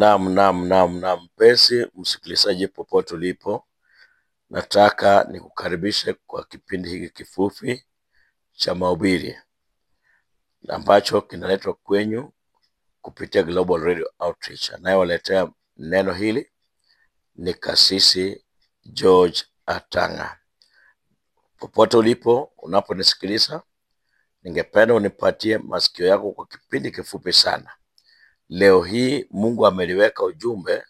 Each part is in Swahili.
Naam, naam, naam, naam, mpenzi msikilizaji popote ulipo, nataka nikukaribishe kwa kipindi hiki kifupi cha mahubiri ambacho kinaletwa kwenyu kupitia Global Radio Outreach. Anayewaletea neno hili ni Kasisi George Atanga. Popote ulipo, unaponisikiliza, ningependa unipatie masikio yako kwa kipindi kifupi sana Leo hii Mungu ameliweka ujumbe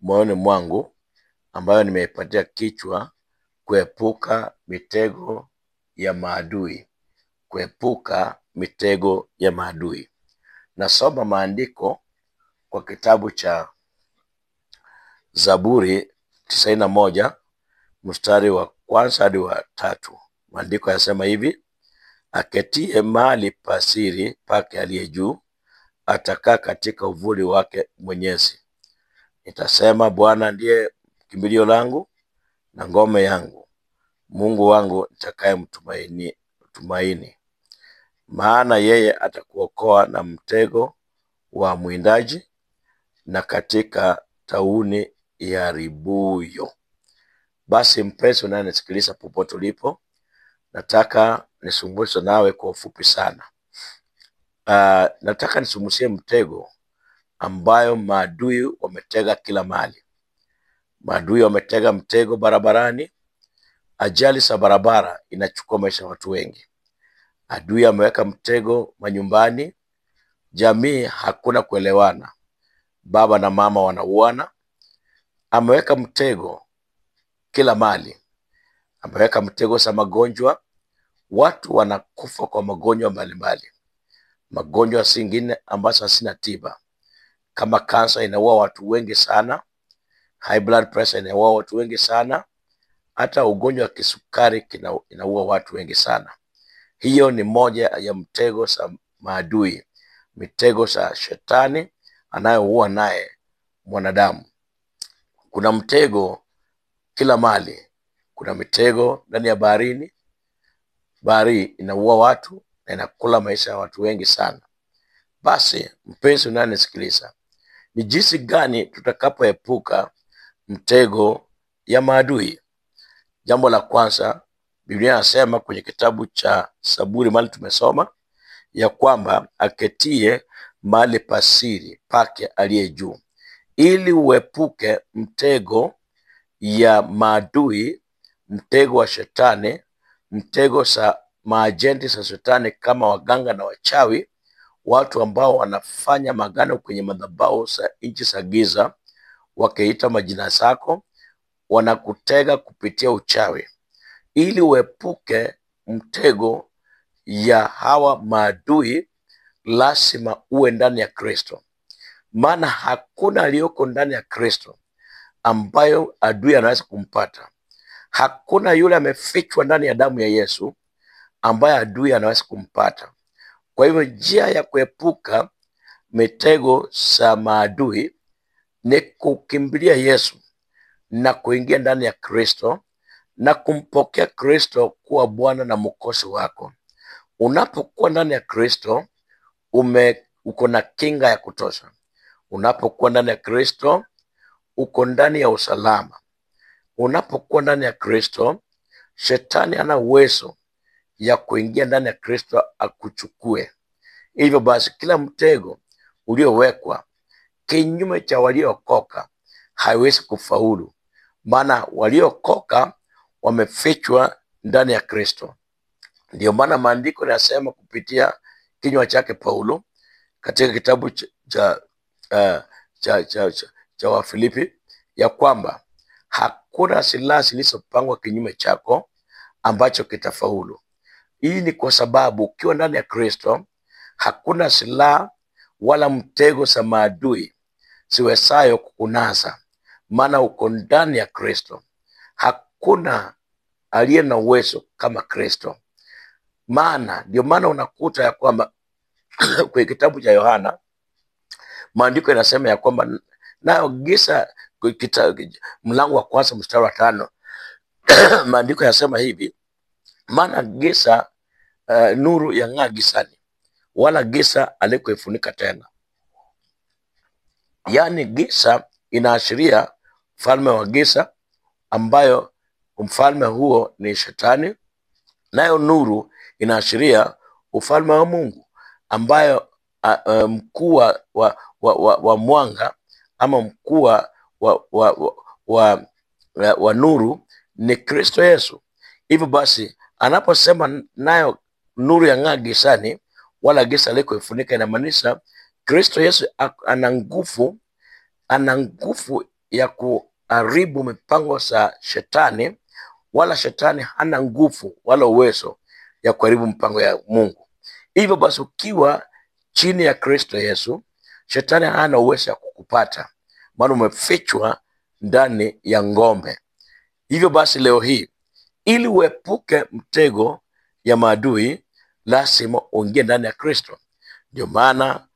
moyoni mwangu ambayo nimeipatia kichwa kuepuka mitego ya maadui, kuepuka mitego ya maadui. Nasoma maandiko kwa kitabu cha Zaburi tisaini na moja mstari wa kwanza hadi wa tatu. Maandiko yasema hivi: aketie mahali pa siri pake aliye juu atakaa katika uvuli wake Mwenyezi. Nitasema, Bwana ndiye kimbilio langu na ngome yangu, Mungu wangu nitakaye mtumaini, tumaini. Maana yeye atakuokoa na mtego wa mwindaji na katika tauni iharibuyo. Basi mpenzi unayenisikiliza popote ulipo, nataka nizungumze nawe kwa ufupi sana. Uh, nataka nisumusie mtego ambayo maadui wametega kila mahali. Maadui wametega mtego barabarani. Ajali za barabara inachukua maisha ya watu wengi. Adui ameweka mtego manyumbani. Jamii hakuna kuelewana, baba na mama wanauana. Ameweka mtego kila mahali. Ameweka mtego za magonjwa, watu wanakufa kwa magonjwa mbalimbali magonjwa singine ambazo hazina tiba kama kansa inaua watu wengi sana, high blood pressure inaua watu wengi sana, hata ugonjwa wa kisukari inaua watu wengi sana. Hiyo ni moja ya mtego za maadui, mitego za shetani anayoua naye mwanadamu. Kuna mtego kila mali, kuna mitego ndani ya baharini. Bahari inaua watu, na inakula maisha ya watu wengi sana. Basi mpenzi unanisikiliza, ni jinsi gani tutakapoepuka mtego ya maadui? Jambo la kwanza, Biblia inasema kwenye kitabu cha Saburi mali tumesoma ya kwamba aketie mali pasiri pake aliye juu, ili uepuke mtego ya maadui, mtego wa shetani, mtego sa maajenti za shetani kama waganga na wachawi, watu ambao wanafanya magano kwenye madhabahu za nchi za giza, wakiita majina zako, wanakutega kupitia uchawi ili uepuke mtego ya hawa maadui, lazima uwe ndani ya Kristo, maana hakuna aliyoko ndani ya Kristo ambayo adui anaweza kumpata. Hakuna yule amefichwa ndani ya damu ya Yesu ambaye adui anaweza kumpata. Kwa hivyo njia ya kuepuka mitego za maadui ni kukimbilia Yesu na kuingia ndani ya Kristo na kumpokea Kristo kuwa Bwana na mwokozi wako. Unapokuwa ndani ya Kristo ume uko na kinga ya kutosha. Unapokuwa ndani ya Kristo uko ndani ya usalama. Unapokuwa ndani ya Kristo shetani hana uwezo ya kuingia ndani ya Kristo akuchukue. Hivyo basi, kila mtego uliowekwa kinyume cha waliokoka haiwezi kufaulu, maana waliokoka wamefichwa ndani ya Kristo. Ndiyo maana maandiko yanasema kupitia kinywa chake Paulo katika kitabu cha, cha, cha, eh, cha, cha, cha, cha Wafilipi ya kwamba hakuna silaha zilizopangwa kinyume chako ambacho kitafaulu. Hii ni kwa sababu ukiwa ndani ya Kristo hakuna silaha wala mtego za maadui ziwezayo kukunasa, maana uko ndani ya Kristo. Hakuna aliye na uwezo kama Kristo, maana ndio maana unakuta ya kwamba kwenye kitabu cha Yohana maandiko yanasema ya kwamba nayo giza, mlango wa kwanza mstari wa tano maandiko yanasema hivi, maana giza uh, nuru ya ng'aa gisani, wala gisa alikuifunika tena. Yaani gisa inaashiria mfalme wa gisa ambayo mfalme huo ni Shetani, nayo nuru inaashiria ufalme wa Mungu ambayo uh, mkuu wa, wa, wa, wa mwanga ama mkuu wa, wa, wa, wa, wa nuru ni Kristo Yesu. Hivyo basi anaposema nayo nuru ya ng'aa gisani wala giza halikuifunika. Inamaanisha Kristo Yesu ana nguvu, ana nguvu ya kuharibu mipango za shetani, wala shetani hana nguvu wala uwezo ya kuharibu mpango ya Mungu. Hivyo basi, ukiwa chini ya Kristo Yesu, shetani hana uwezo ya kukupata, maana umefichwa ndani ya ngombe Hivyo basi, leo hii ili uepuke mtego ya maadui lazima uingie ndani ya Kristo. Ndio maana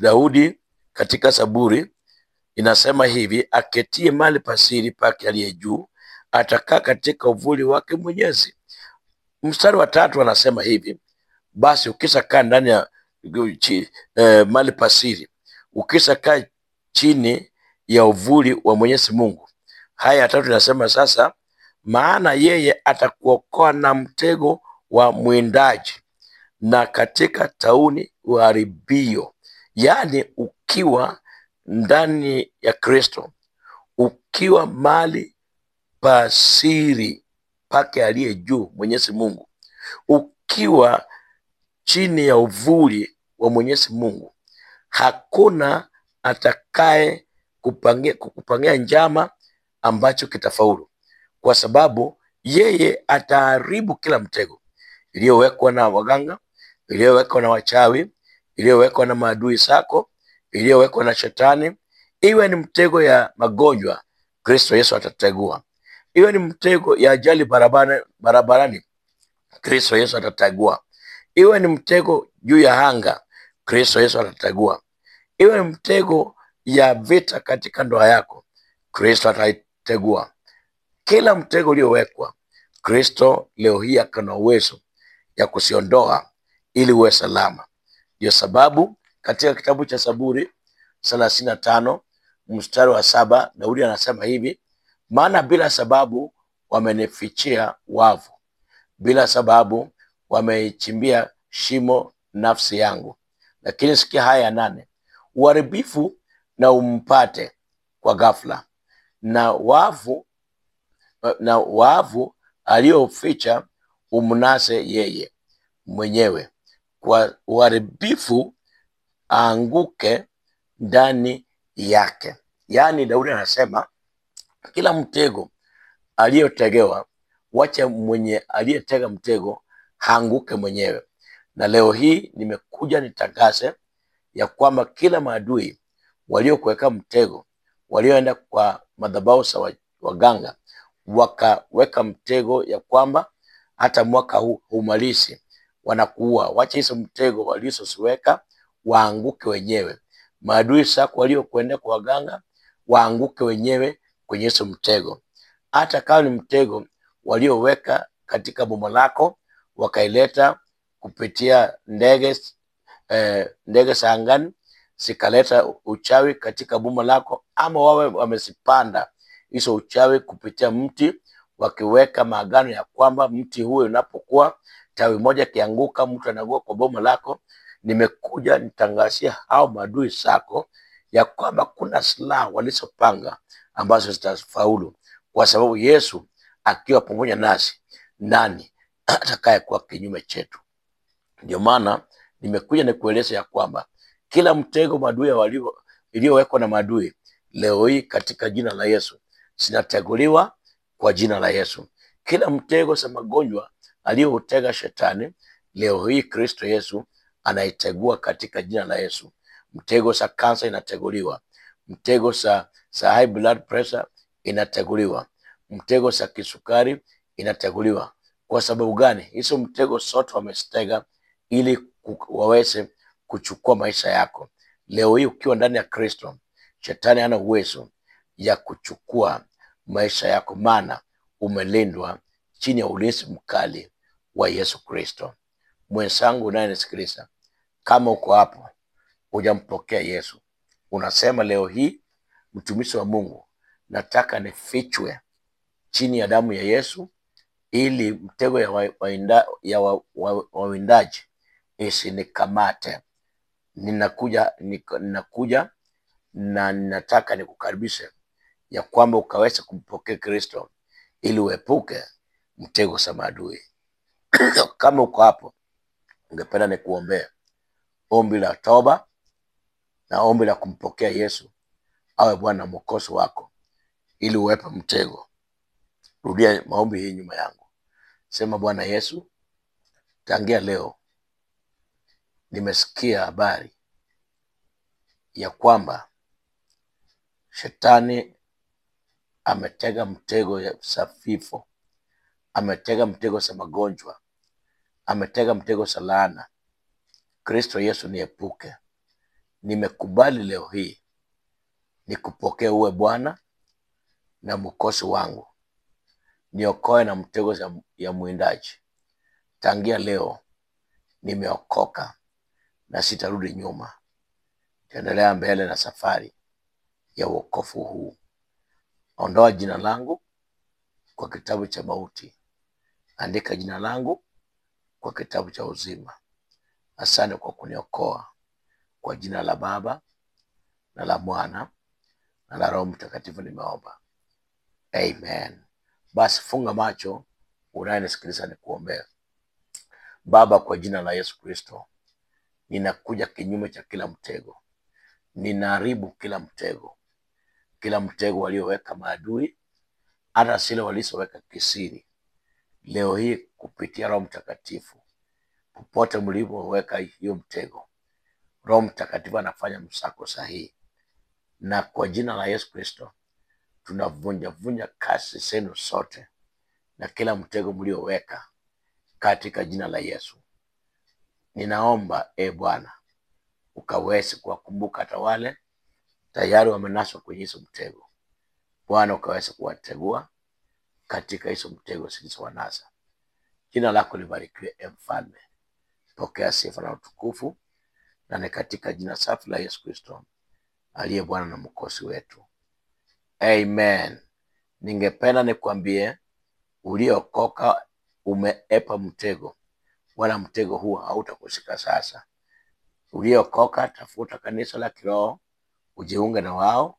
Daudi katika saburi inasema hivi, aketie mali pasiri pake aliye juu atakaa katika uvuli wake Mwenyezi. Mstari wa tatu anasema hivi, basi ukisha kaa ndani ya eh, mali pasiri, ukisha kaa chini ya uvuli wa Mwenyezi Mungu. Haya ya tatu inasema sasa, maana yeye atakuokoa na mtego wa mwindaji na katika tauni uharibio, yaani ukiwa ndani ya Kristo, ukiwa mali pasiri pake aliye juu Mwenyezi Mungu, ukiwa chini ya uvuli wa Mwenyezi Mungu, hakuna atakaye kupangia, kupangia njama ambacho kitafaulu, kwa sababu yeye ataharibu kila mtego iliyowekwa na waganga iliyowekwa na wachawi, iliyowekwa na maadui zako, iliyowekwa na shetani, iwe ni mtego ya magonjwa, Kristo Yesu atategua. Iwe ni mtego ya ajali barabarani, barabarani Kristo Yesu atategua. Iwe ni mtego juu ya anga, Kristo Yesu atategua. Iwe ni mtego ya vita katika ndoa yako, Kristo ataitegua. Kila mtego uliowekwa, Kristo leo hii akana uwezo ya kusiondoa ili uwe salama. Ndio sababu katika kitabu cha saburi thelathini na tano mstari wa saba Daudi anasema hivi, maana bila sababu wamenifichia wavu, bila sababu wameichimbia shimo nafsi yangu. Lakini sikia haya ya nane, uharibifu na umpate kwa ghafla, na wavu na wavu aliyoficha umnase yeye mwenyewe uharibifu aanguke ndani yake. Yaani Daudi anasema kila mtego aliyotegewa, wacha mwenye aliyetega mtego haanguke mwenyewe. Na leo hii nimekuja nitangaze ya kwamba kila maadui waliokuweka mtego, walioenda kwa madhabahu za waganga wakaweka mtego ya kwamba hata mwaka huu haumalizi wanakuua. Wacha hizo mtego walizosiweka waanguke wenyewe. Maadui zako waliokuendea kwa waganga waanguke wenyewe kwenye hizo mtego, hata kama ni mtego walioweka katika boma lako wakaileta kupitia ndege eh, ndege za angani zikaleta uchawi katika boma lako, ama wawe wamezipanda hizo uchawi kupitia mti wakiweka maagano ya kwamba mti huo unapokuwa tawi moja kianguka, mtu anagua kwa boma lako, nimekuja nitangazia hao maadui zako ya kwamba kuna silaha walizopanga ambazo zitafaulu, kwa sababu Yesu akiwa pamoja nasi, nani atakaye kuwa kinyume chetu? Ndio maana nimekuja nikueleza ya kwamba kila mtego maadui iliyowekwa na maadui leo hii katika jina la Yesu zinateguliwa kwa jina la Yesu. Kila mtego za magonjwa aliyoutega shetani, leo hii Kristo Yesu anaitegua katika jina la Yesu. Mtego sa kansa inateguliwa, mtego sa, sa high blood pressure inateguliwa, mtego sa kisukari inateguliwa. Kwa sababu gani? Hizo mtego sote wamezitega ili waweze kuchukua maisha yako. Leo hii ukiwa ndani ya Kristo, shetani hana uwezo ya kuchukua maisha yako, maana umelindwa chini ya ulinzi mkali wa Yesu Kristo. Mwenzangu unayenisikiliza, kama uko hapo hujampokea Yesu, unasema leo hii, mtumishi wa Mungu, nataka nifichwe chini ya damu ya Yesu ili mtego ya wawindaji wa, wa, wa isinikamate. Ninakuja, ninakuja na ninataka nikukaribishe ya kwamba ukaweza kumpokea Kristo ili uepuke mtego sa maadui. kama uko hapo, ni kuombea ombi la toba na ombi la kumpokea Yesu awe Bwana mwokozi wako ili uwepe mtego. Rudia maombi hii nyuma yangu, sema: Bwana Yesu, tangia leo nimesikia habari ya kwamba shetani ametega mtego ya safifo ametega mtego za magonjwa, ametega mtego za laana. Kristo Yesu niepuke. Nimekubali leo hii nikupokee uwe Bwana na mwokozi wangu, niokoe na mtego za, ya mwindaji. Tangia leo nimeokoka na sitarudi nyuma, taendelea mbele na safari ya uokofu huu. Ondoa jina langu kwa kitabu cha mauti andika jina langu kwa kitabu cha uzima. Asante kwa kuniokoa kwa jina la Baba na la Mwana na la Roho Mtakatifu nimeomba, amen. Basi funga macho, unayenisikiliza, kuombea Baba, kwa jina la Yesu Kristo, ninakuja kinyume cha kila mtego, ninaharibu kila mtego, kila mtego walioweka maadui, hata sile walisoweka kisiri leo hii kupitia Roho Mtakatifu. Popote mlipoweka hiyo mtego, Roho Mtakatifu anafanya msako sahihi, na kwa jina la Yesu Kristo tunavunjavunja kasi zenu sote na kila mtego mlioweka katika jina la Yesu. Ninaomba e Bwana, ukaweze kuwakumbuka hata wale tayari wamenaswa kwenye hizo mtego. Bwana ukaweze kuwategua katika hizo mtego zilizowanasa. Jina lako libarikiwe, e Mfalme. Pokea sifa na utukufu, na ni katika jina safi la Yesu Kristo aliye Bwana na mkosi wetu, amen. Ningependa nikwambie, uliokoka, umeepa mtego, wala mtego huo hautakushika sasa. Uliokoka, tafuta kanisa la kiroho ujiunge na wao,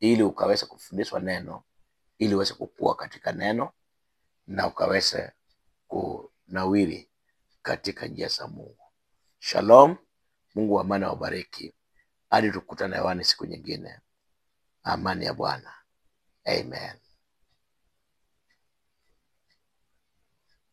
ili ukaweza kufundishwa neno ili uweze kukua katika neno na ukaweze kunawiri katika njia za Mungu. Shalom, Mungu wa amani awabariki. Hadi tukutane hewani siku nyingine. Amani ya Bwana. Amen.